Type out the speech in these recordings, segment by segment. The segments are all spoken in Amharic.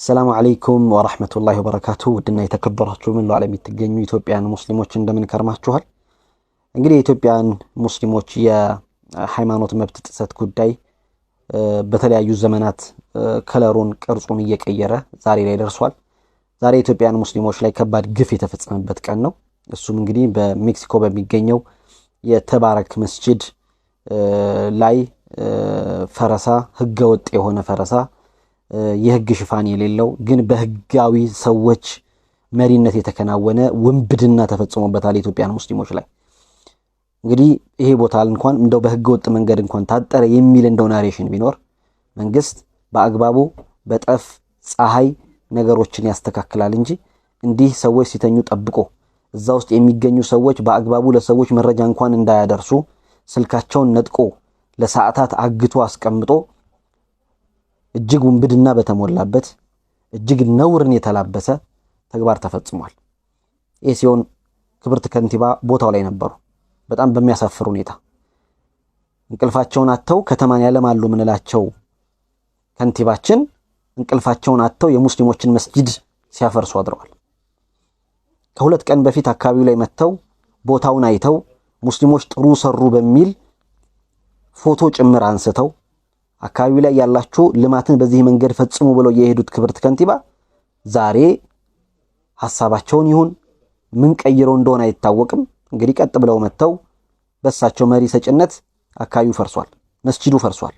አሰላሙ አለይኩም ወራህመቱላሂ ወበረካቱ። ውድና የተከበራችሁ ምን ለዓለም የምትገኙ ኢትዮጵያን ሙስሊሞች እንደምን ከርማችኋል? እንግዲህ የኢትዮጵያን ሙስሊሞች የሃይማኖት መብት ጥሰት ጉዳይ በተለያዩ ዘመናት ከለሩን ቅርጹን እየቀየረ ዛሬ ላይ ደርሷል። ዛሬ የኢትዮጵያን ሙስሊሞች ላይ ከባድ ግፍ የተፈጸመበት ቀን ነው። እሱም እንግዲህ በሜክሲኮ በሚገኘው የተባረክ መስጂድ ላይ ፈረሳ ህገወጥ የሆነ ፈረሳ የህግ ሽፋን የሌለው ግን በህጋዊ ሰዎች መሪነት የተከናወነ ውንብድና ተፈጽሞበታል ኢትዮጵያን ሙስሊሞች ላይ። እንግዲህ ይሄ ቦታ እንኳን እንደው በህገ ወጥ መንገድ እንኳን ታጠረ የሚል እንደው ናሬሽን ቢኖር መንግስት በአግባቡ በጠፍ ፀሐይ ነገሮችን ያስተካክላል እንጂ እንዲህ ሰዎች ሲተኙ ጠብቆ እዛ ውስጥ የሚገኙ ሰዎች በአግባቡ ለሰዎች መረጃ እንኳን እንዳያደርሱ ስልካቸውን ነጥቆ ለሰዓታት አግቶ አስቀምጦ እጅግ ውንብድና በተሞላበት እጅግ ነውርን የተላበሰ ተግባር ተፈጽሟል። ይህ ሲሆን ክብርት ከንቲባ ቦታው ላይ ነበሩ። በጣም በሚያሳፍር ሁኔታ እንቅልፋቸውን አጥተው ከተማን ያለማሉ ምንላቸው ከንቲባችን እንቅልፋቸውን አጥተው የሙስሊሞችን መስጂድ ሲያፈርሱ አድረዋል። ከሁለት ቀን በፊት አካባቢው ላይ መጥተው ቦታውን አይተው ሙስሊሞች ጥሩ ሰሩ በሚል ፎቶ ጭምር አንስተው አካባቢው ላይ ያላችሁ ልማትን በዚህ መንገድ ፈጽሙ ብለው የሄዱት ክብርት ከንቲባ ዛሬ ሀሳባቸውን ይሁን ምን ቀይረው እንደሆነ አይታወቅም። እንግዲህ ቀጥ ብለው መጥተው በእሳቸው መሪ ሰጭነት አካባቢው ፈርሷል። መስጂዱ ፈርሷል።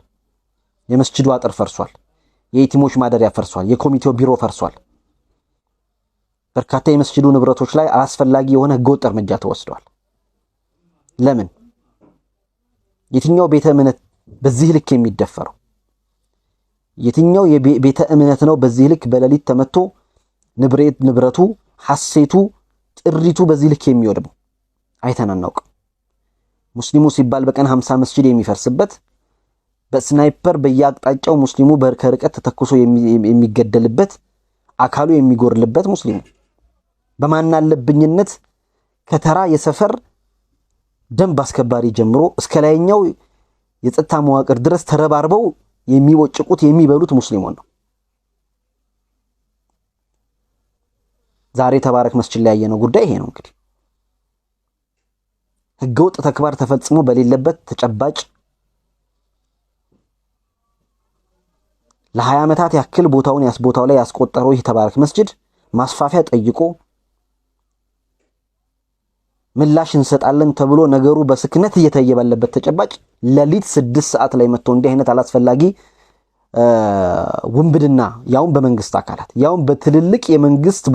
የመስጂዱ አጥር ፈርሷል። የኢቲሞች ማደሪያ ፈርሷል። የኮሚቴው ቢሮ ፈርሷል። በርካታ የመስጂዱ ንብረቶች ላይ አላስፈላጊ የሆነ ህገወጥ እርምጃ ተወስደዋል። ለምን? የትኛው ቤተ እምነት በዚህ ልክ የሚደፈረው የትኛው የቤተ እምነት ነው? በዚህ ልክ በሌሊት ተመቶ ንብረቱ፣ ሐሴቱ፣ ጥሪቱ በዚህ ልክ የሚወድመው አይተን አናውቅም። ሙስሊሙ ሲባል በቀን 50 መስጂድ የሚፈርስበት በስናይፐር በየአቅጣጫው ሙስሊሙ ከርቀት ተተኩሶ የሚገደልበት አካሉ የሚጎርልበት ሙስሊሙ በማናለብኝነት ከተራ የሰፈር ደንብ አስከባሪ ጀምሮ እስከ ላይኛው የጸጥታ መዋቅር ድረስ ተረባርበው የሚቦጭቁት የሚበሉት ሙስሊሙን ነው። ዛሬ ተባረክ መስጂድ ላይ ያየነው ጉዳይ ይሄ ነው። እንግዲህ ህገወጥ ተክባር ተፈጽሞ በሌለበት ተጨባጭ ለሀያ ዓመታት ያክል ቦታውን ያስቦታው ላይ ያስቆጠረው ይህ ተባረክ መስጂድ ማስፋፊያ ጠይቆ ምላሽ እንሰጣለን ተብሎ ነገሩ በስክነት እየታየ ባለበት ተጨባጭ ለሊት ስድስት ሰዓት ላይ መጥቶ እንዲህ አይነት አላስፈላጊ ውንብድና ያውም በመንግስት አካላት ያውም በትልልቅ የመንግስት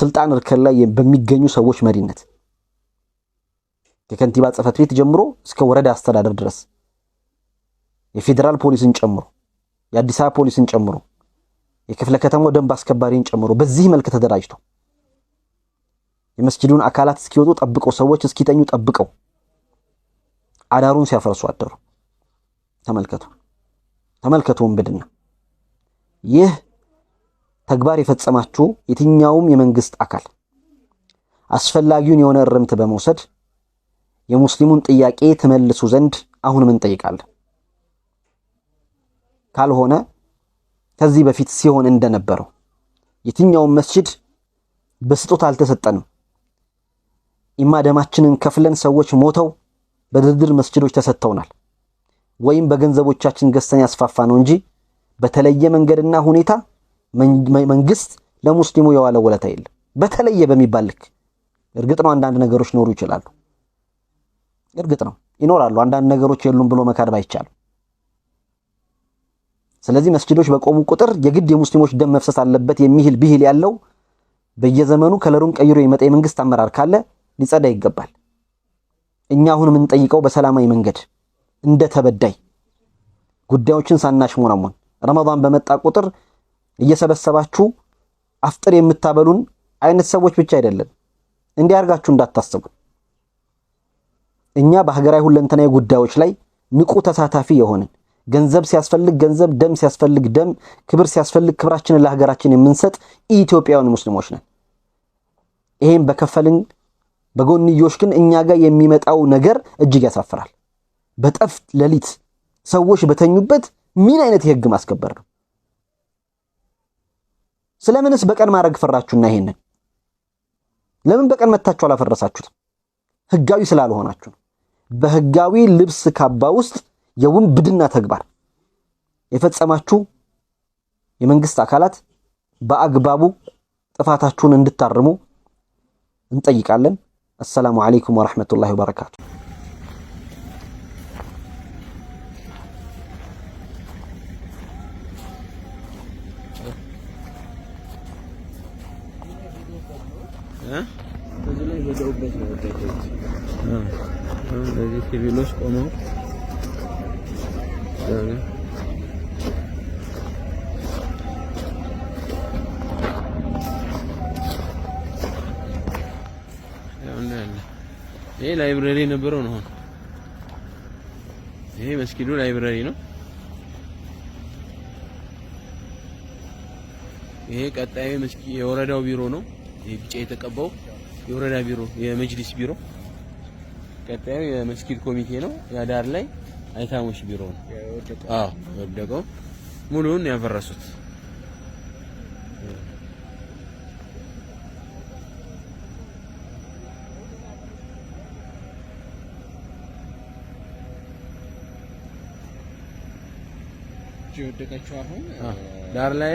ስልጣን እርከን ላይ በሚገኙ ሰዎች መሪነት ከከንቲባ ጽፈት ቤት ጀምሮ እስከ ወረዳ አስተዳደር ድረስ የፌዴራል ፖሊስን ጨምሮ የአዲስ አበባ ፖሊስን ጨምሮ የክፍለ ከተማው ደንብ አስከባሪን ጨምሮ በዚህ መልክ ተደራጅቶ። የመስጂዱን አካላት እስኪወጡ ጠብቀው፣ ሰዎች እስኪተኙ ጠብቀው አዳሩን ሲያፈርሱ አደሩ። ተመልከቱ ተመልከቱ፣ ወንብድና። ይህ ተግባር የፈጸማችሁ የትኛውም የመንግስት አካል አስፈላጊውን የሆነ እርምት በመውሰድ የሙስሊሙን ጥያቄ ትመልሱ ዘንድ አሁንም እንጠይቃለን። ካልሆነ ከዚህ በፊት ሲሆን እንደነበረው የትኛውም መስጂድ በስጦታ አልተሰጠንም። ኢማ ደማችንን ከፍለን ሰዎች ሞተው በድርድር መስጅዶች ተሰጥተውናል፣ ወይም በገንዘቦቻችን ገዝተን ያስፋፋ ነው እንጂ በተለየ መንገድና ሁኔታ መንግስት ለሙስሊሙ የዋለ ወለታ የለም። በተለየ በሚባል ልክ እርግጥ ነው አንዳንድ ነገሮች ኖሩ ይችላሉ። እርግጥ ነው ይኖራሉ። አንዳንድ ነገሮች የሉም ብሎ መካድ ባይቻልም፣ ስለዚህ መስጅዶች በቆሙ ቁጥር የግድ የሙስሊሞች ደም መፍሰስ አለበት የሚል ብሂል ያለው በየዘመኑ ከለሩን ቀይሮ የመጣ የመንግስት አመራር ካለ ሊጸዳ ይገባል። እኛ አሁን የምንጠይቀው በሰላማዊ መንገድ እንደ ተበዳይ ጉዳዮችን ሞራሞን ረመዳን በመጣ ቁጥር እየሰበሰባችሁ አፍጥር የምታበሉን አይነት ሰዎች ብቻ አይደለም። እንዲህ አድርጋችሁ እንዳታስቡን። እኛ በሀገራዊ ሁለንተናዊ ጉዳዮች ላይ ንቁ ተሳታፊ የሆንን ገንዘብ ሲያስፈልግ ገንዘብ፣ ደም ሲያስፈልግ ደም፣ ክብር ሲያስፈልግ ክብራችንን ለሀገራችን የምንሰጥ ኢትዮጵያውያን ሙስሊሞች ነን። ይሄን በከፈልን በጎንዮሽ ግን እኛ ጋር የሚመጣው ነገር እጅግ ያሳፍራል። በጠፍት ሌሊት ሰዎች በተኙበት ምን አይነት የህግ ማስከበር ነው? ስለምንስ በቀን ማድረግ ፈራችሁና? ይሄንን ለምን በቀን መታችሁ አላፈረሳችሁትም? ህጋዊ ስላልሆናችሁ ነው። በህጋዊ ልብስ ካባ ውስጥ የውንብድና ተግባር የፈጸማችሁ የመንግስት አካላት በአግባቡ ጥፋታችሁን እንድታርሙ እንጠይቃለን። السلام عليكم ورحمة الله وبركاته ها ይሄ ላይብረሪ የነበረው ነው። ይሄ መስጊዱ ላይብረሪ ነው። ይሄ ቀጣዩ የወረዳው ቢሮ ነው። ይሄ ቢጫ የተቀባው የወረዳ ቢሮ የመጅሊስ ቢሮ ቀጣዩ የመስጊድ ኮሚቴ ነው። ያዳር ላይ አይታሞች ቢሮ ነው። አዎ የወደቀው ሙሉውን ያፈረሱት የወደቀችው አሁን ዳር ላይ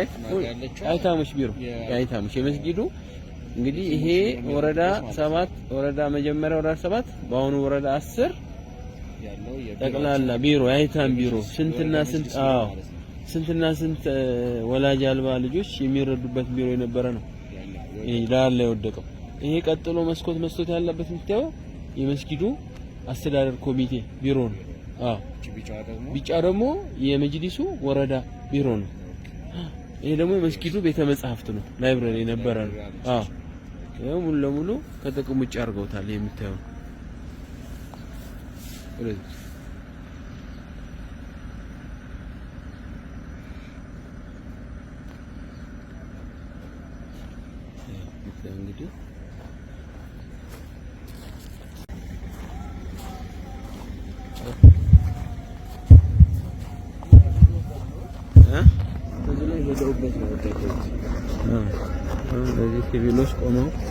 አይታሙሽ ቢሮ አይታሙሽ የመስጊዱ እንግዲህ ይሄ ወረዳ ሰባት ወረዳ መጀመሪያ ወረዳ ሰባት በአሁኑ ወረዳ አስር ጠቅላላ ቢሮ አይታም ቢሮ ስንትና ስንት አዎ ስንትና ስንት ወላጅ አልባ ልጆች የሚረዱበት ቢሮ የነበረ ነው። ይሄ ዳር ላይ ወደቀው። ይሄ ቀጥሎ መስኮት መስኮት ያለበት የምታየው የመስጊዱ አስተዳደር ኮሚቴ ቢሮ ነው። ቢጫ ደግሞ የመጅሊሱ ወረዳ ቢሮ ነው። ይሄ ደግሞ የመስጊዱ ቤተ መጻሕፍት ነው፣ ላይብረሪ የነበረ ነው። አዎ ይሄው ሙሉ ለሙሉ ከጥቅም ውጭ አድርገውታል። የምታየው እንግዲህ Ah, ah, no, no, no, no,